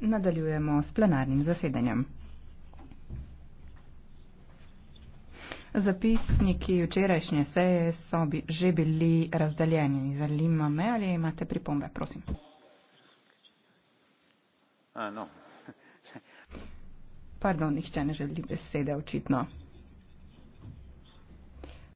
nadaljujemo s plenarnim zasedanjem. Zapisniki včerajšnje seje so bi že bili razdaljeni. Zanima me, ali imate pripombe, prosim. A, no. Pardon, nihče ne želi besede, očitno.